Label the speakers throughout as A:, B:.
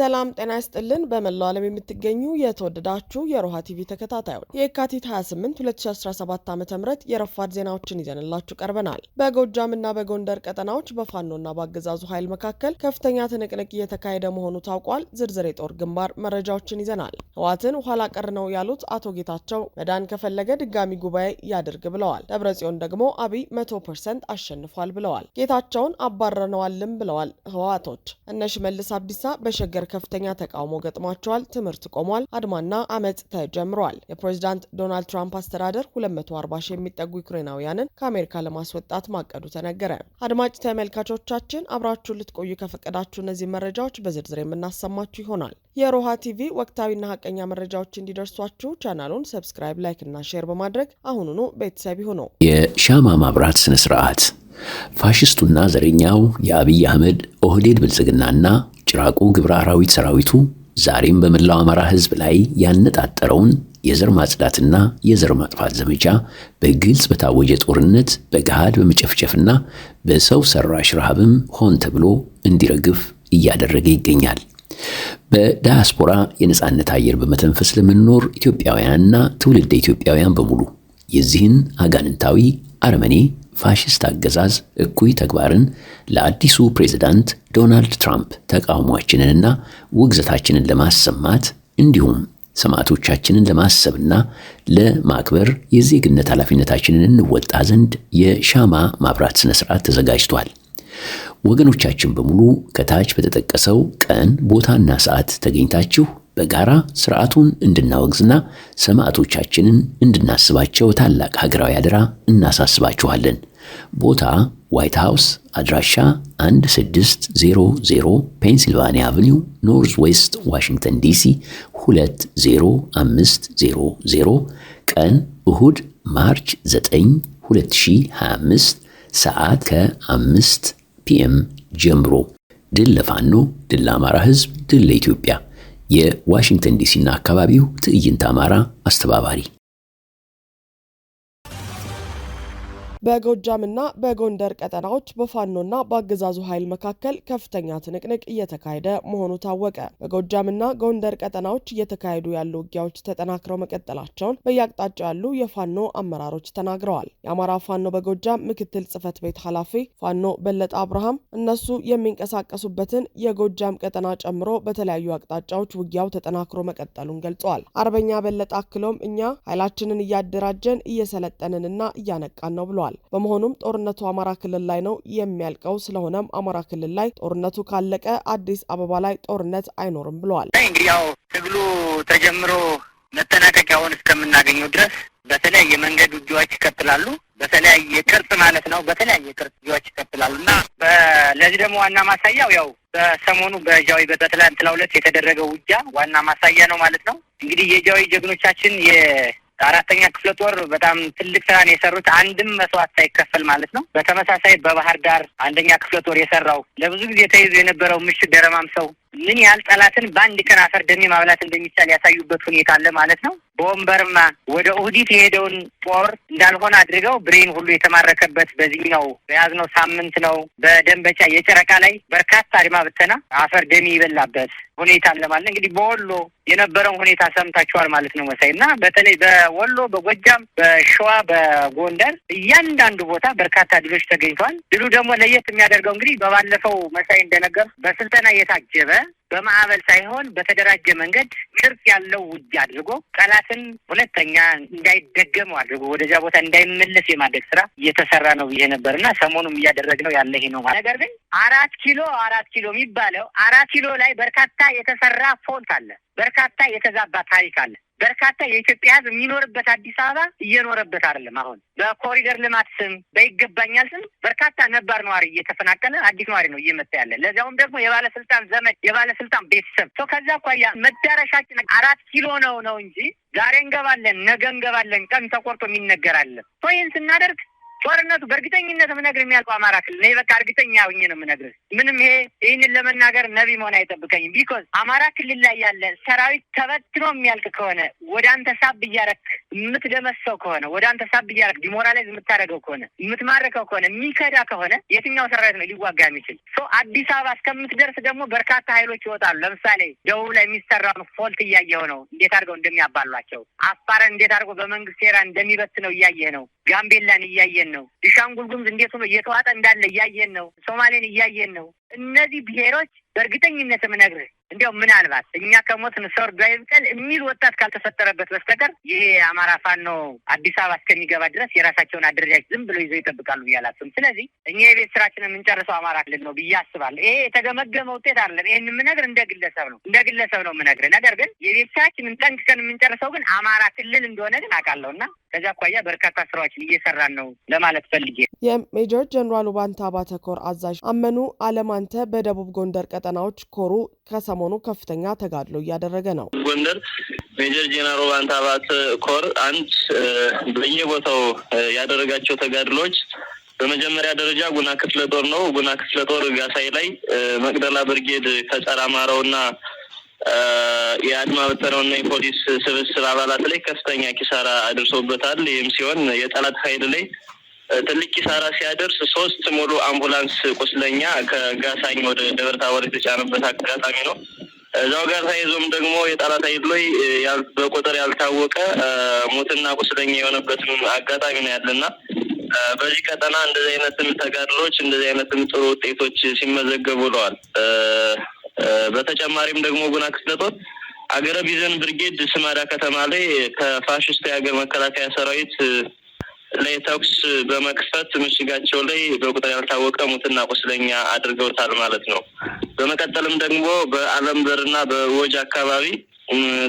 A: ሰላም ጤና ይስጥልን። በመላው ዓለም የምትገኙ የተወደዳችሁ የሮሃ ቲቪ ተከታታዮች የካቲት 28 2017 ዓ ም የረፋድ ዜናዎችን ይዘንላችሁ ቀርበናል። በጎጃም እና በጎንደር ቀጠናዎች በፋኖና በአገዛዙ ኃይል መካከል ከፍተኛ ትንቅንቅ እየተካሄደ መሆኑ ታውቋል። ዝርዝር የጦር ግንባር መረጃዎችን ይዘናል። ህዋትን ኋላ ቀር ነው ያሉት አቶ ጌታቸው መዳን ከፈለገ ድጋሚ ጉባኤ ያድርግ ብለዋል። ደብረ ጽዮን ደግሞ አብይ 100 ፐርሰንት አሸንፏል ብለዋል። ጌታቸውን አባረነዋልም ብለዋል ህዋቶች። እነ ሽመልስ አብዲሳ በሸገር ከፍተኛ ተቃውሞ ገጥሟቸዋል። ትምህርት ቆሟል። አድማና አመፅ ተጀምረዋል። የፕሬዚዳንት ዶናልድ ትራምፕ አስተዳደር 240 ሺህ የሚጠጉ ዩክሬናውያንን ከአሜሪካ ለማስወጣት ማቀዱ ተነገረ። አድማጭ ተመልካቾቻችን አብራችሁ ልትቆዩ ከፈቀዳችሁ እነዚህ መረጃዎች በዝርዝር የምናሰማችሁ ይሆናል። የሮሃ ቲቪ ወቅታዊና ሀቀኛ መረጃዎች እንዲደርሷችሁ ቻናሉን ሰብስክራይብ፣ ላይክ እና ሼር በማድረግ አሁኑኑ ቤተሰብ ይሁኑ።
B: የሻማ ማብራት ስነ ስርዓት ፋሽስቱና ዘረኛው የአብይ አህመድ ኦህዴድ ብልጽግናና ጭራቁ ግብረ አራዊት ሰራዊቱ ዛሬም በመላው አማራ ሕዝብ ላይ ያነጣጠረውን የዘር ማጽዳትና የዘር ማጥፋት ዘመቻ በግልጽ በታወጀ ጦርነት በገሃድ በመጨፍጨፍና በሰው ሰራሽ ረሃብም ሆን ተብሎ እንዲረግፍ እያደረገ ይገኛል። በዳያስፖራ የነጻነት አየር በመተንፈስ ለምንኖር ኢትዮጵያውያንና ትውልደ ኢትዮጵያውያን በሙሉ የዚህን አጋንንታዊ አረመኔ ፋሽስት አገዛዝ እኩይ ተግባርን ለአዲሱ ፕሬዝዳንት ዶናልድ ትራምፕ ተቃውሟችንንና ውግዘታችንን ለማሰማት እንዲሁም ሰማዕቶቻችንን ለማሰብና ለማክበር የዜግነት ኃላፊነታችንን እንወጣ ዘንድ የሻማ ማብራት ሥነ ሥርዓት ተዘጋጅቷል። ወገኖቻችን በሙሉ ከታች በተጠቀሰው ቀን ቦታና ሰዓት ተገኝታችሁ በጋራ ስርዓቱን እንድናወግዝና ሰማዕቶቻችንን እንድናስባቸው ታላቅ ሀገራዊ አደራ እናሳስባችኋለን። ቦታ ዋይት ሃውስ፣ አድራሻ 1600 ፔንሲልቫኒያ አቨኒው ኖርዝ ዌስት ዋሽንግተን ዲሲ 20500፣ ቀን እሁድ ማርች 9 2025፣ ሰዓት ከ5 ፒኤም ጀምሮ። ድል ለፋኖ፣ ድል ለአማራ ህዝብ ድል ለኢትዮጵያ። የዋሽንግተን ዲሲና አካባቢው ትዕይንት አማራ አስተባባሪ
A: በጎጃምና በጎንደር ቀጠናዎች በፋኖና በአገዛዙ ኃይል መካከል ከፍተኛ ትንቅንቅ እየተካሄደ መሆኑ ታወቀ። በጎጃምና ጎንደር ቀጠናዎች እየተካሄዱ ያሉ ውጊያዎች ተጠናክረው መቀጠላቸውን በየአቅጣጫው ያሉ የፋኖ አመራሮች ተናግረዋል። የአማራ ፋኖ በጎጃም ምክትል ጽህፈት ቤት ኃላፊ ፋኖ በለጠ አብርሃም እነሱ የሚንቀሳቀሱበትን የጎጃም ቀጠና ጨምሮ በተለያዩ አቅጣጫዎች ውጊያው ተጠናክሮ መቀጠሉን ገልጸዋል። አርበኛ በለጠ አክሎም እኛ ኃይላችንን እያደራጀን እየሰለጠንንና እያነቃን ነው ብለዋል። ተናግረዋል። በመሆኑም ጦርነቱ አማራ ክልል ላይ ነው የሚያልቀው። ስለሆነም አማራ ክልል ላይ ጦርነቱ ካለቀ አዲስ አበባ ላይ ጦርነት አይኖርም ብለዋል።
C: እንግዲህ ያው ትግሉ ተጀምሮ መጠናቀቂያውን እስከምናገኘው ድረስ በተለያየ መንገድ ውጊያዎች ይቀጥላሉ። በተለያየ ቅርጽ ማለት ነው። በተለያየ ቅርጽ ውጊያዎች ይቀጥላሉ እና ለዚህ ደግሞ ዋና ማሳያው ያው በሰሞኑ በጃዊ በትላንትናው ዕለት የተደረገው ውጊያ ዋና ማሳያ ነው ማለት ነው። እንግዲህ የጃዊ ጀግኖቻችን አራተኛ ክፍለ ጦር በጣም ትልቅ ስራ ነው የሰሩት፣ አንድም መስዋዕት ሳይከፈል ማለት ነው። በተመሳሳይ በባህር ዳር አንደኛ ክፍለ ጦር የሰራው ለብዙ ጊዜ ተይዞ የነበረው ምሽግ ደረማም ሰው ምን ያህል ጠላትን በአንድ ቀን አፈር ደሜ ማብላት እንደሚቻል ያሳዩበት ሁኔታ አለ ማለት ነው። በወንበርማ ወደ ኦህዲድ የሄደውን ጦር እንዳልሆነ አድርገው ብሬን ሁሉ የተማረከበት በዚህኛው በያዝነው ሳምንት ነው። በደንበቻ የጨረቃ ላይ በርካታ አድማ ብተና አፈር ደሜ ይበላበት ሁኔታ አለ ማለት ነው። እንግዲህ በወሎ የነበረውን ሁኔታ ሰምታችኋል ማለት ነው መሳይ እና በተለይ በወሎ፣ በጎጃም፣ በሸዋ፣ በጎንደር እያንዳንዱ ቦታ በርካታ ድሎች ተገኝተዋል። ድሉ ደግሞ ለየት የሚያደርገው እንግዲህ በባለፈው መሳይ እንደነገር በስልጠና የታጀበ በማዕበል ሳይሆን በተደራጀ መንገድ ቅርጽ ያለው ውጊያ አድርጎ ጠላትን ሁለተኛ እንዳይደገመው አድርጎ ወደዚያ ቦታ እንዳይመለስ የማድረግ ስራ እየተሰራ ነው ብዬ ነበር እና ሰሞኑም ነው ያለ ይሄ ነው። ነገር ግን አራት ኪሎ አራት ኪሎ የሚባለው አራት ኪሎ ላይ በርካታ የተሰራ ፎልት አለ። በርካታ የተዛባ ታሪክ አለ። በርካታ የኢትዮጵያ ሕዝብ የሚኖርበት አዲስ አበባ እየኖረበት አይደለም። አሁን በኮሪደር ልማት ስም በይገባኛል ስም በርካታ ነባር ነዋሪ እየተፈናቀለ አዲስ ነዋሪ ነው እየመጣ ያለ። ለዚያውም ደግሞ የባለስልጣን ዘመድ የባለስልጣን ቤተሰብ ሰው ከዛ አኳያ መዳረሻችን አራት ኪሎ ነው ነው እንጂ ዛሬ እንገባለን ነገ እንገባለን ቀን ተቆርጦ የሚነገራለን ይህን ስናደርግ ጦርነቱ በእርግጠኝነት የምነግር የሚያልቀው አማራ ክልል ነው። በቃ እርግጠኛ ውኝ ነው የምነግር። ምንም ይሄ ይህንን ለመናገር ነቢ መሆን አይጠብቀኝም። ቢኮዝ አማራ ክልል ላይ ያለ ሰራዊት ተበትኖ የሚያልቅ ከሆነ ወደ አንተ ሳብ እያረክ የምትደመሰው ከሆነ ወደ አንተ ሳብ እያረክ ዲሞራላይዝ የምታደርገው ከሆነ የምትማርከው ከሆነ የሚከዳ ከሆነ የትኛው ሰራዊት ነው ሊዋጋ የሚችል? አዲስ አበባ እስከምትደርስ ደግሞ በርካታ ኃይሎች ይወጣሉ። ለምሳሌ ደቡብ ላይ የሚሰራውን ፎልት እያየው ነው፣ እንዴት አድርገው እንደሚያባሏቸው አፋረን እንዴት አድርገው በመንግስት ሴራ እንደሚበት ነው እያየ ነው። ጋምቤላን እያየን ነው። ዲሻንጉል ጉሙዝ እንዴት ሆኖ እየተዋጠ እንዳለ እያየን ነው። ሶማሌን እያየን ነው። እነዚህ ብሔሮች በእርግጠኝነት የምነግርህ እንዲያው ምናልባት እኛ ከሞትን ሰርዶ አይብቀል የሚል ወጣት ካልተፈጠረበት በስተቀር ይህ አማራ ፋኖ አዲስ አበባ እስከሚገባ ድረስ የራሳቸውን አደረጃጅ ዝም ብሎ ይዘው ይጠብቃሉ ብዬ ስለዚህ እኛ የቤት ስራችን የምንጨርሰው አማራ ክልል ነው ብዬ አስባለሁ። ይሄ የተገመገመ ውጤት አይደለም። ይህን የምነግር እንደ ግለሰብ ነው እንደ ግለሰብ ነው የምነግር። ነገር ግን የቤት ስራችንን ጠንቅቀን የምንጨርሰው ግን አማራ ክልል እንደሆነ ግን አውቃለሁ እና ከዚያ አኳያ በርካታ ስራዎችን እየሰራን ነው ለማለት ፈልጌ
A: የሜጀር ጀኔራሉ ባንታ አዛዥ አመኑ አለማንተ በደቡብ ጎንደር ቀጠናዎች ኮሩ ከሰሞ ሰሞኑ ከፍተኛ ተጋድሎ እያደረገ ነው።
D: ጎንደር ሜጀር ጄኔራል ባንታባት ኮር አንድ በየቦታው ያደረጋቸው ተጋድሎች በመጀመሪያ ደረጃ ጉና ክፍለ ጦር ነው። ጉና ክፍለ ጦር ጋሳይ ላይ መቅደላ ብርጌድ ከጸረ አማራውና የአድማ በተናውና የፖሊስ ስብስብ አባላት ላይ ከፍተኛ ኪሳራ አድርሶበታል። ይህም ሲሆን የጠላት ኃይል ላይ ትልቅ ኪሳራ ሲያደርስ ሶስት ሙሉ አምቡላንስ ቁስለኛ ከጋሳኝ ወደ ደብረ ታቦር የተጫነበት አጋጣሚ ነው። እዛው ጋር ተያይዞም ደግሞ የጠላት ኃይል ላይ በቁጥር ያልታወቀ ሞትና ቁስለኛ የሆነበትም አጋጣሚ ነው ያለና በዚህ ቀጠና እንደዚህ አይነትም ተጋድሎች እንደዚህ አይነትም ጥሩ ውጤቶች ሲመዘገቡ ውለዋል። በተጨማሪም ደግሞ ጉና ክፍለ ጦር አገረ ቢዘን ብርጌድ ስማዳ ከተማ ላይ ከፋሽስቱ የሀገር መከላከያ ሰራዊት ላይ ተኩስ በመክፈት ምሽጋቸው ላይ በቁጥር ያልታወቀ ሙትና ቁስለኛ አድርገውታል ማለት ነው። በመቀጠልም ደግሞ በአለም ዘርና በወጅ አካባቢ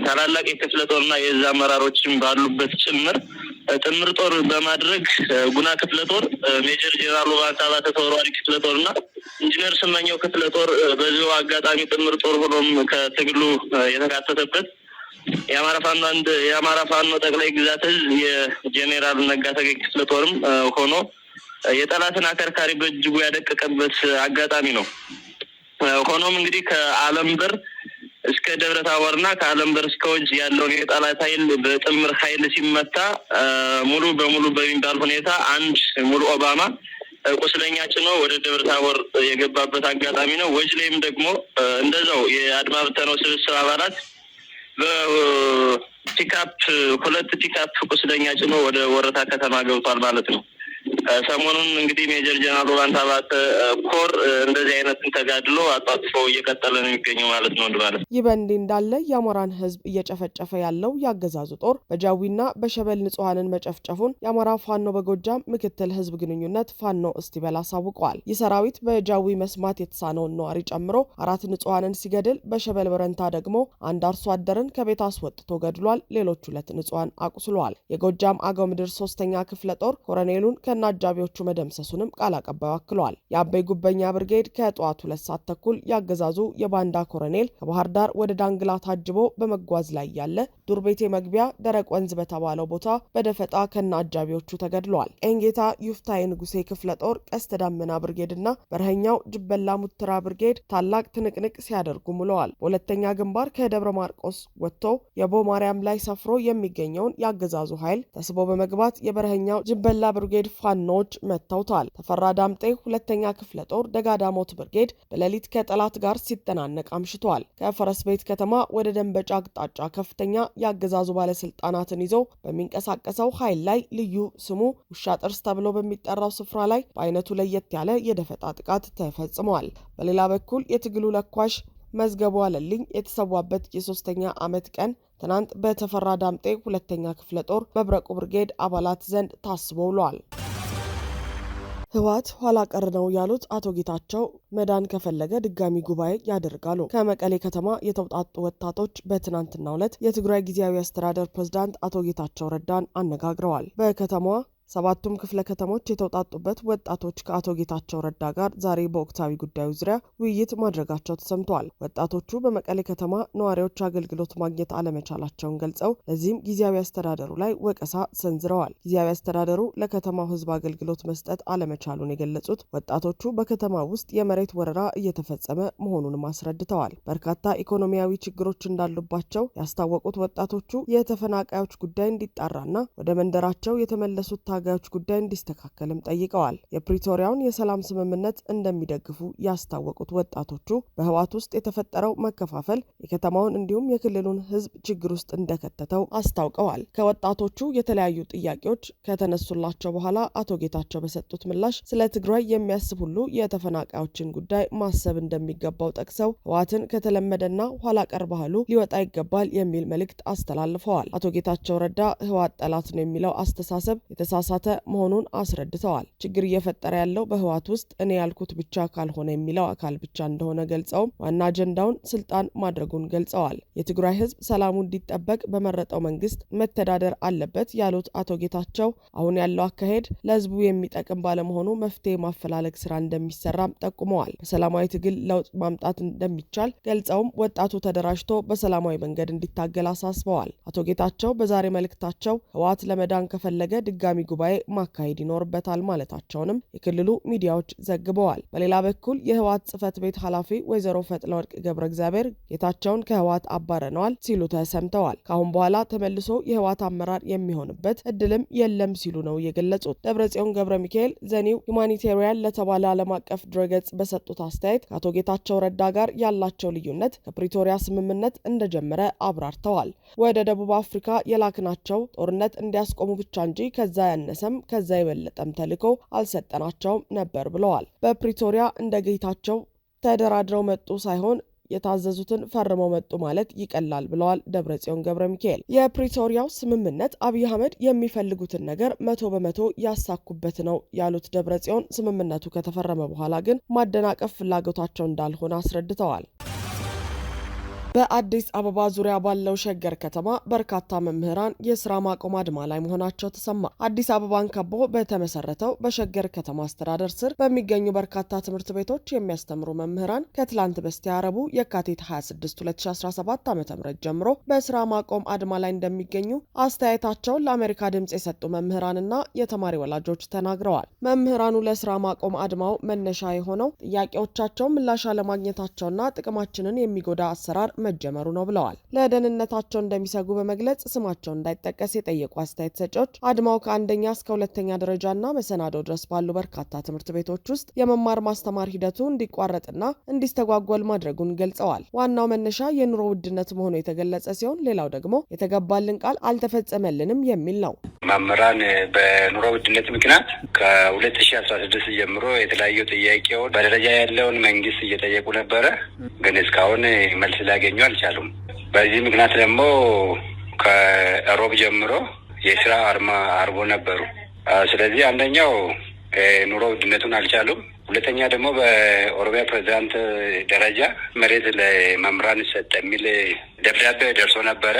D: ታላላቅ የክፍለ ጦርና የእዝ አመራሮችም ባሉበት ጭምር ጥምር ጦር በማድረግ ጉና ክፍለ ጦር፣ ሜጀር ጄኔራሉ በአካባተ ተወርዋሪ ክፍለ ጦር እና ኢንጂነር ስመኘው ክፍለ ጦር በዚሁ አጋጣሚ ጥምር ጦር ሆኖም ከትግሉ የተካተተበት የአማራ ፋኖ አንድ የአማራ ፋኖ ጠቅላይ ግዛት ህዝብ የጄኔራል ነጋ ተገኝ ክፍለ ጦርም ሆኖ የጠላትን አከርካሪ በእጅጉ ያደቀቀበት አጋጣሚ ነው። ሆኖም እንግዲህ ከአለም በር እስከ ደብረ ታቦር እና ከአለም በር እስከ ወጅ ያለውን የጠላት ኃይል በጥምር ኃይል ሲመታ ሙሉ በሙሉ በሚባል ሁኔታ አንድ ሙሉ ኦባማ ቁስለኛ ጭኖ ወደ ደብረ ታቦር የገባበት አጋጣሚ ነው። ወጅ ላይም ደግሞ እንደዛው የአድማ ብተነው ስብስብ አባላት በፒካፕ ሁለት ፒካፕ ቁስለኛ ጭኖ ወደ ወረታ ከተማ ገብቷል ማለት ነው። ሰሞኑን እንግዲህ ሜጀር ጀነራል ሮላንድ አባተ ኮር እንደዚህ አይነትን ተጋድሎ አጣጥፎ እየቀጠለ ነው የሚገኘው ማለት ነው ማለት
A: ይህ በእንዲህ እንዳለ የአማራን ህዝብ እየጨፈጨፈ ያለው የአገዛዙ ጦር በጃዊና በሸበል ንጹሐንን መጨፍጨፉን የአማራ ፋኖ በጎጃም ምክትል ህዝብ ግንኙነት ፋኖ እስቲበል አሳውቀዋል። ይህ ሰራዊት በጃዊ መስማት የተሳነውን ነዋሪ ጨምሮ አራት ንጹሐንን ሲገድል፣ በሸበል በረንታ ደግሞ አንድ አርሶ አደርን ከቤት አስወጥቶ ገድሏል። ሌሎች ሁለት ንጹሐን አቁስሏል። የጎጃም አገው ምድር ሶስተኛ ክፍለ ጦር ኮረኔሉን ። ከ ከነ አጃቢዎቹ መደምሰሱንም ቃል አቀባዩ አክለዋል። የአበይ ጉበኛ ብርጌድ ከጠዋት ሁለት ሰዓት ተኩል ያገዛዙ የባንዳ ኮረኔል ከባህር ዳር ወደ ዳንግላ ታጅቦ በመጓዝ ላይ ያለ ዱር ቤቴ መግቢያ ደረቅ ወንዝ በተባለው ቦታ በደፈጣ ከነ አጃቢዎቹ ተገድለዋል። ኤንጌታ ዩፍታይ ንጉሴ ክፍለ ጦር ቀስተ ዳመና ብርጌድ እና በረኸኛው ጅበላ ሙትራ ብርጌድ ታላቅ ትንቅንቅ ሲያደርጉ ውለዋል። በሁለተኛ ግንባር ከደብረ ማርቆስ ወጥቶ የቦ ማርያም ላይ ሰፍሮ የሚገኘውን የአገዛዙ ኃይል ተስቦ በመግባት የበረኸኛው ጅበላ ብርጌድ ፋኖች መጥተውታል። ተፈራ ዳምጤ ሁለተኛ ክፍለ ጦር ደጋዳሞት ብርጌድ በሌሊት ከጠላት ጋር ሲጠናነቅ አምሽቷል። ከፈረስ ቤት ከተማ ወደ ደንበጫ አቅጣጫ ከፍተኛ የአገዛዙ ባለስልጣናትን ይዞ በሚንቀሳቀሰው ኃይል ላይ ልዩ ስሙ ውሻ ጥርስ ተብሎ በሚጠራው ስፍራ ላይ በአይነቱ ለየት ያለ የደፈጣ ጥቃት ተፈጽሟል። በሌላ በኩል የትግሉ ለኳሽ መዝገቡ አለልኝ የተሰዋበት የሶስተኛ ዓመት ቀን ትናንት በተፈራ ዳምጤ ሁለተኛ ክፍለ ጦር መብረቁ ብርጌድ አባላት ዘንድ ታስቦ ውሏል። ህወሓት ኋላ ቀር ነው ያሉት አቶ ጌታቸው መዳን ከፈለገ ድጋሚ ጉባኤ ያደርጋሉ። ከመቀሌ ከተማ የተውጣጡ ወጣቶች በትናንትናው ዕለት የትግራይ ጊዜያዊ አስተዳደር ፕሬዝዳንት አቶ ጌታቸው ረዳን አነጋግረዋል። በከተማዋ ሰባቱም ክፍለ ከተሞች የተውጣጡበት ወጣቶች ከአቶ ጌታቸው ረዳ ጋር ዛሬ በወቅታዊ ጉዳዩ ዙሪያ ውይይት ማድረጋቸው ተሰምተዋል። ወጣቶቹ በመቀሌ ከተማ ነዋሪዎች አገልግሎት ማግኘት አለመቻላቸውን ገልጸው ለዚህም ጊዜያዊ አስተዳደሩ ላይ ወቀሳ ሰንዝረዋል። ጊዜያዊ አስተዳደሩ ለከተማው ሕዝብ አገልግሎት መስጠት አለመቻሉን የገለጹት ወጣቶቹ በከተማ ውስጥ የመሬት ወረራ እየተፈጸመ መሆኑንም አስረድተዋል። በርካታ ኢኮኖሚያዊ ችግሮች እንዳሉባቸው ያስታወቁት ወጣቶቹ የተፈናቃዮች ጉዳይ እንዲጣራና ወደ መንደራቸው የተመለሱት ታጋዮች ጉዳይ እንዲስተካከልም ጠይቀዋል። የፕሪቶሪያውን የሰላም ስምምነት እንደሚደግፉ ያስታወቁት ወጣቶቹ በህወሓት ውስጥ የተፈጠረው መከፋፈል የከተማውን እንዲሁም የክልሉን ህዝብ ችግር ውስጥ እንደከተተው አስታውቀዋል። ከወጣቶቹ የተለያዩ ጥያቄዎች ከተነሱላቸው በኋላ አቶ ጌታቸው በሰጡት ምላሽ ስለ ትግራይ የሚያስብ ሁሉ የተፈናቃዮችን ጉዳይ ማሰብ እንደሚገባው ጠቅሰው ህወሓትን ከተለመደና ኋላ ቀር ባህሉ ሊወጣ ይገባል የሚል መልእክት አስተላልፈዋል። አቶ ጌታቸው ረዳ ህወሓት ጠላት ነው የሚለው አስተሳሰብ የተሳሳ የተሳሳተ መሆኑን አስረድተዋል። ችግር እየፈጠረ ያለው በህወሓት ውስጥ እኔ ያልኩት ብቻ ካልሆነ የሚለው አካል ብቻ እንደሆነ ገልጸውም ዋና አጀንዳውን ስልጣን ማድረጉን ገልጸዋል። የትግራይ ህዝብ ሰላሙ እንዲጠበቅ በመረጠው መንግስት መተዳደር አለበት ያሉት አቶ ጌታቸው አሁን ያለው አካሄድ ለህዝቡ የሚጠቅም ባለመሆኑ መፍትሄ ማፈላለግ ስራ እንደሚሰራም ጠቁመዋል። በሰላማዊ ትግል ለውጥ ማምጣት እንደሚቻል ገልጸውም ወጣቱ ተደራጅቶ በሰላማዊ መንገድ እንዲታገል አሳስበዋል። አቶ ጌታቸው በዛሬ መልእክታቸው ህወሓት ለመዳን ከፈለገ ድጋሚ ጉባኤ ማካሄድ ይኖርበታል ማለታቸውንም የክልሉ ሚዲያዎች ዘግበዋል። በሌላ በኩል የህወሓት ጽህፈት ቤት ኃላፊ ወይዘሮ ፈጥለወርቅ ገብረ እግዚአብሔር ጌታቸውን ከህወሓት አባረነዋል ሲሉ ተሰምተዋል። ከአሁን በኋላ ተመልሶ የህወሓት አመራር የሚሆንበት እድልም የለም ሲሉ ነው የገለጹት። ደብረጽዮን ገብረ ሚካኤል ዘኒው ሁማኒቴሪያን ለተባለ ዓለም አቀፍ ድረገጽ በሰጡት አስተያየት ከአቶ ጌታቸው ረዳ ጋር ያላቸው ልዩነት ከፕሪቶሪያ ስምምነት እንደጀመረ አብራርተዋል። ወደ ደቡብ አፍሪካ የላክናቸው ጦርነት እንዲያስቆሙ ብቻ እንጂ ከዛ ያነሰም ከዛ የበለጠም ተልዕኮ አልሰጠናቸውም ነበር ብለዋል። በፕሪቶሪያ እንደ ጌታቸው ተደራድረው መጡ ሳይሆን የታዘዙትን ፈርመው መጡ ማለት ይቀላል ብለዋል ደብረጽዮን ገብረ ሚካኤል። የፕሪቶሪያው ስምምነት አብይ አህመድ የሚፈልጉትን ነገር መቶ በመቶ ያሳኩበት ነው ያሉት ደብረጽዮን ስምምነቱ ከተፈረመ በኋላ ግን ማደናቀፍ ፍላጎታቸው እንዳልሆነ አስረድተዋል። በአዲስ አበባ ዙሪያ ባለው ሸገር ከተማ በርካታ መምህራን የስራ ማቆም አድማ ላይ መሆናቸው ተሰማ። አዲስ አበባን ከቦ በተመሰረተው በሸገር ከተማ አስተዳደር ስር በሚገኙ በርካታ ትምህርት ቤቶች የሚያስተምሩ መምህራን ከትላንት በስቲያ ረቡዕ የካቲት 26 2017 ዓ ም ጀምሮ በስራ ማቆም አድማ ላይ እንደሚገኙ አስተያየታቸውን ለአሜሪካ ድምፅ የሰጡ መምህራንና የተማሪ ወላጆች ተናግረዋል። መምህራኑ ለስራ ማቆም አድማው መነሻ የሆነው ጥያቄዎቻቸው ምላሽ አለማግኘታቸውና ጥቅማችንን የሚጎዳ አሰራር መጀመሩ ነው ብለዋል። ለደህንነታቸው እንደሚሰጉ በመግለጽ ስማቸው እንዳይጠቀስ የጠየቁ አስተያየት ሰጪዎች አድማው ከአንደኛ እስከ ሁለተኛ ደረጃና መሰናዶ ድረስ ባሉ በርካታ ትምህርት ቤቶች ውስጥ የመማር ማስተማር ሂደቱ እንዲቋረጥና እንዲስተጓጎል ማድረጉን ገልጸዋል። ዋናው መነሻ የኑሮ ውድነት መሆኑ የተገለጸ ሲሆን ሌላው ደግሞ የተገባልን ቃል አልተፈጸመልንም የሚል ነው። መምህራን በኑሮ ውድነት ምክንያት ከሁለት ሺ አስራ ስድስት ጀምሮ የተለያዩ ጥያቄውን በደረጃ ያለውን መንግስት እየጠየቁ ነበረ፣ ግን እስካሁን መልስ ላገ ሊያገኙ አልቻሉም። በዚህ ምክንያት ደግሞ ከሮብ ጀምሮ የስራ አርማ አርቦ ነበሩ። ስለዚህ አንደኛው ኑሮ ውድነቱን አልቻሉም። ሁለተኛ ደግሞ በኦሮሚያ ፕሬዚዳንት ደረጃ መሬት ለመምህራን ይሰጥ የሚል ደብዳቤ ደርሶ ነበረ።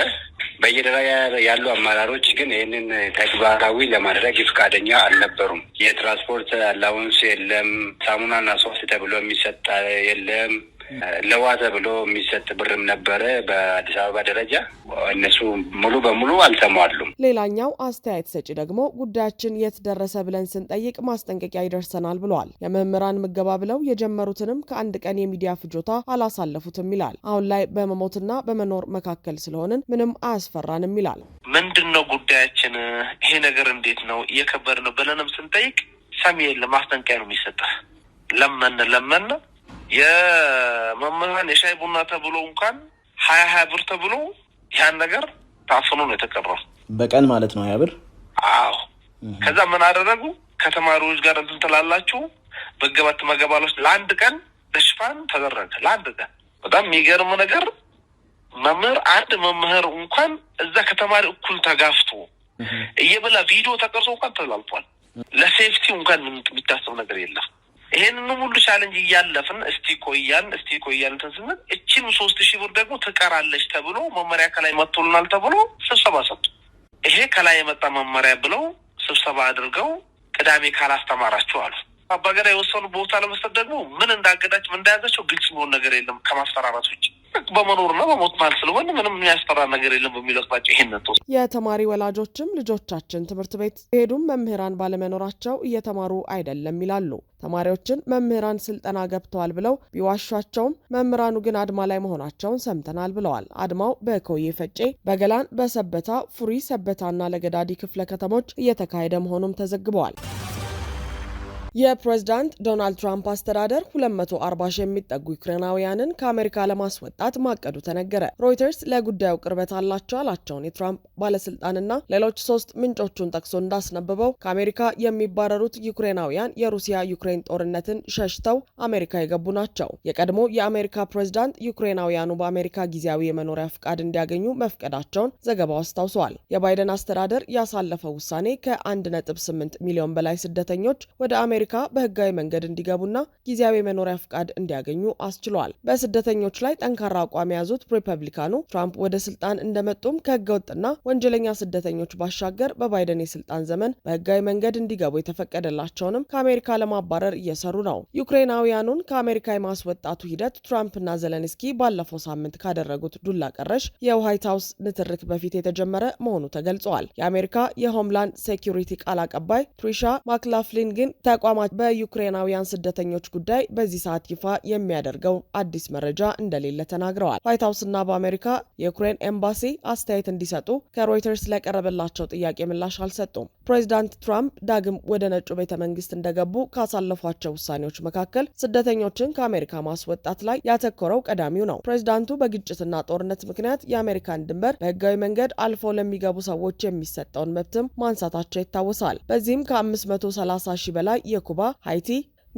A: በየደረጃ ያሉ አመራሮች ግን ይህንን ተግባራዊ ለማድረግ ፈቃደኛ አልነበሩም። የትራንስፖርት አላውንስ የለም፣ ሳሙናና ሶፍት ተብሎ የሚሰጥ የለም ለዋዘ ብሎ የሚሰጥ ብርም ነበረ በአዲስ አበባ ደረጃ። እነሱ ሙሉ በሙሉ አልተሟሉም። ሌላኛው አስተያየት ሰጪ ደግሞ ጉዳያችን የት ደረሰ ብለን ስንጠይቅ ማስጠንቀቂያ ይደርሰናል ብለዋል። የመምህራን ምገባ ብለው የጀመሩትንም ከአንድ ቀን የሚዲያ ፍጆታ አላሳለፉትም ይላል። አሁን ላይ በመሞትና በመኖር መካከል ስለሆንን ምንም አያስፈራንም ይላል። ምንድን ነው ጉዳያችን? ይሄ ነገር እንዴት ነው እየከበድ ነው ብለንም ስንጠይቅ ሰሚ የለ ማስጠንቀቂያ ነው የሚሰጠ ለመን ለመን የመምህራን የሻይ ቡና ተብሎ እንኳን ሀያ ሀያ ብር ተብሎ ያን ነገር ታፍኖ ነው የተቀረው። በቀን ማለት ነው ሀያ ብር። አዎ። ከዛ ምን አደረጉ? ከተማሪዎች ጋር እንትን ትላላችሁ በገባት መገባሎች ለአንድ ቀን በሽፋን ተደረገ። ለአንድ ቀን በጣም የሚገርም ነገር መምህር አንድ መምህር እንኳን እዛ ከተማሪ እኩል ተጋፍቶ እየበላ ቪዲዮ ተቀርጾ እንኳን ተላልፏል። ለሴፍቲ እንኳን የሚታሰብ ነገር የለም። ይሄንን ሁሉ ቻለንጅ እያለፍን እስቲ ቆያን እስቲ ቆያን እንትን ስንል እችም ሶስት ሺህ ብር ደግሞ ትቀራለች ተብሎ መመሪያ ከላይ መጥቶልናል ተብሎ ስብሰባ ሰጡ። ይሄ ከላይ የመጣ መመሪያ ብለው ስብሰባ አድርገው ቅዳሜ ካላስተማራችሁ አሉ። አባገዳ የወሰኑ ቦታ ለመስጠት ደግሞ ምን እንዳገዳቸው እንዳያዛቸው ግልጽ መሆን ነገር የለም ከማስፈራራት ውጭ በመኖርና በሞት መሃል ስለሆነ ምንም የሚያስፈራ ነገር የለም በሚል አቅጣጫ ይሄን የተማሪ ወላጆችም ልጆቻችን ትምህርት ቤት ሄዱም መምህራን ባለመኖራቸው እየተማሩ አይደለም ይላሉ። ተማሪዎችን መምህራን ስልጠና ገብተዋል ብለው ቢዋሿቸውም መምህራኑ ግን አድማ ላይ መሆናቸውን ሰምተናል ብለዋል። አድማው በኮዬ ፈጬ፣ በገላን፣ በሰበታ ፉሪ ሰበታና ለገዳዲ ክፍለ ከተሞች እየተካሄደ መሆኑም ተዘግበዋል። የፕሬዝዳንት ዶናልድ ትራምፕ አስተዳደር 240 ሺህ የሚጠጉ ዩክሬናውያንን ከአሜሪካ ለማስወጣት ማቀዱ ተነገረ። ሮይተርስ ለጉዳዩ ቅርበት አላቸው ያላቸውን የትራምፕ ባለስልጣንና ሌሎች ሶስት ምንጮቹን ጠቅሶ እንዳስነበበው ከአሜሪካ የሚባረሩት ዩክሬናውያን የሩሲያ ዩክሬን ጦርነትን ሸሽተው አሜሪካ የገቡ ናቸው። የቀድሞ የአሜሪካ ፕሬዝዳንት ዩክሬናውያኑ በአሜሪካ ጊዜያዊ የመኖሪያ ፍቃድ እንዲያገኙ መፍቀዳቸውን ዘገባው አስታውሰዋል። የባይደን አስተዳደር ያሳለፈው ውሳኔ ከ1.8 ሚሊዮን በላይ ስደተኞች ወደ አሜሪካ አሜሪካ በህጋዊ መንገድ እንዲገቡና ጊዜያዊ መኖሪያ ፍቃድ እንዲያገኙ አስችሏል። በስደተኞች ላይ ጠንካራ አቋም የያዙት ሪፐብሊካኑ ትራምፕ ወደ ስልጣን እንደመጡም ከህገ ወጥና ወንጀለኛ ስደተኞች ባሻገር በባይደን የስልጣን ዘመን በህጋዊ መንገድ እንዲገቡ የተፈቀደላቸውንም ከአሜሪካ ለማባረር እየሰሩ ነው። ዩክሬናውያኑን ከአሜሪካ የማስወጣቱ ሂደት ትራምፕና ዘለንስኪ ባለፈው ሳምንት ካደረጉት ዱላ ቀረሽ የዋይት ሀውስ ንትርክ በፊት የተጀመረ መሆኑ ተገልጿል። የአሜሪካ የሆምላንድ ሴኪሪቲ ቃል አቀባይ ትሪሻ ማክላፍሊን ግን ተቋ ተቋማት በዩክሬናውያን ስደተኞች ጉዳይ በዚህ ሰዓት ይፋ የሚያደርገው አዲስ መረጃ እንደሌለ ተናግረዋል። ዋይት ሀውስና በአሜሪካ የዩክሬን ኤምባሲ አስተያየት እንዲሰጡ ከሮይተርስ ለቀረበላቸው ጥያቄ ምላሽ አልሰጡም። ፕሬዚዳንት ትራምፕ ዳግም ወደ ነጩ ቤተ መንግስት እንደገቡ ካሳለፏቸው ውሳኔዎች መካከል ስደተኞችን ከአሜሪካ ማስወጣት ላይ ያተኮረው ቀዳሚው ነው። ፕሬዚዳንቱ በግጭትና ጦርነት ምክንያት የአሜሪካን ድንበር በህጋዊ መንገድ አልፎ ለሚገቡ ሰዎች የሚሰጠውን መብትም ማንሳታቸው ይታወሳል። በዚህም ከ530 ሺህ በላይ የ የኩባ፣ ሃይቲ፣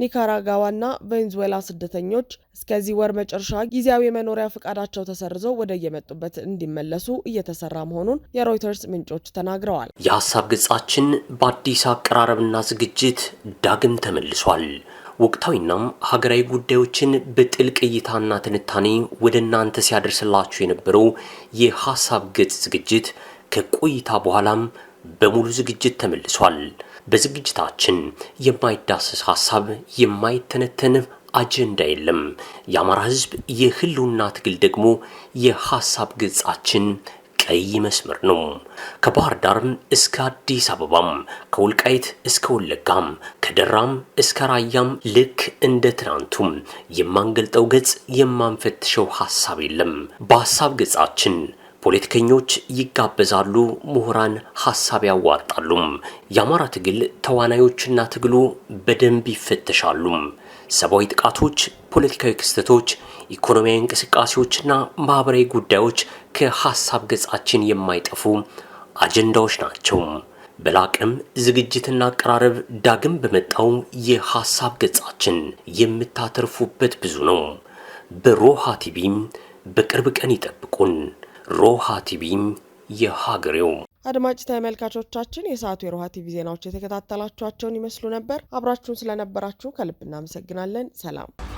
A: ኒካራጋዋና ቬንዙዌላ ስደተኞች እስከዚህ ወር መጨረሻ ጊዜያዊ መኖሪያ ፈቃዳቸው ተሰርዞ ወደ የመጡበት እንዲመለሱ እየተሰራ መሆኑን የሮይተርስ ምንጮች ተናግረዋል። የሀሳብ ገጻችን በአዲስ አቀራረብና ዝግጅት ዳግም ተመልሷል። ወቅታዊናም ሀገራዊ ጉዳዮችን በጥልቅ እይታና ትንታኔ ወደ እናንተ ሲያደርስላችሁ የነበረው የሀሳብ ገጽ ዝግጅት ከቆይታ በኋላም በሙሉ ዝግጅት ተመልሷል። በዝግጅታችን የማይዳሰስ ሀሳብ የማይተነተን አጀንዳ የለም። የአማራ ህዝብ የህልውና ትግል ደግሞ የሀሳብ ገጻችን ቀይ መስመር ነው። ከባህር ዳርም እስከ አዲስ አበባም፣ ከወልቃይት እስከ ወለጋም፣ ከደራም እስከ ራያም ልክ እንደ ትናንቱም የማንገልጠው ገጽ የማንፈትሸው ሀሳብ የለም። በሀሳብ ገጻችን ፖለቲከኞች ይጋበዛሉ፣ ምሁራን ሀሳብ ያዋጣሉም። የአማራ ትግል ተዋናዮችና ትግሉ በደንብ ይፈተሻሉም። ሰብአዊ ጥቃቶች፣ ፖለቲካዊ ክስተቶች፣ ኢኮኖሚያዊ እንቅስቃሴዎችና ማኅበራዊ ጉዳዮች ከሀሳብ ገጻችን የማይጠፉ አጀንዳዎች ናቸው። በላቅም ዝግጅትና አቀራረብ ዳግም በመጣው የሀሳብ ገጻችን የምታተርፉበት ብዙ ነው። በሮሃ ቲቪም በቅርብ ቀን ይጠብቁን። ሮሃ ቲቪን የሀገሬው አድማጭ ተመልካቾቻችን የሰዓቱ የሮሃ ቲቪ ዜናዎች የተከታተላችኋቸውን ይመስሉ ነበር። አብራችሁን ስለነበራችሁ ከልብ እናመሰግናለን። ሰላም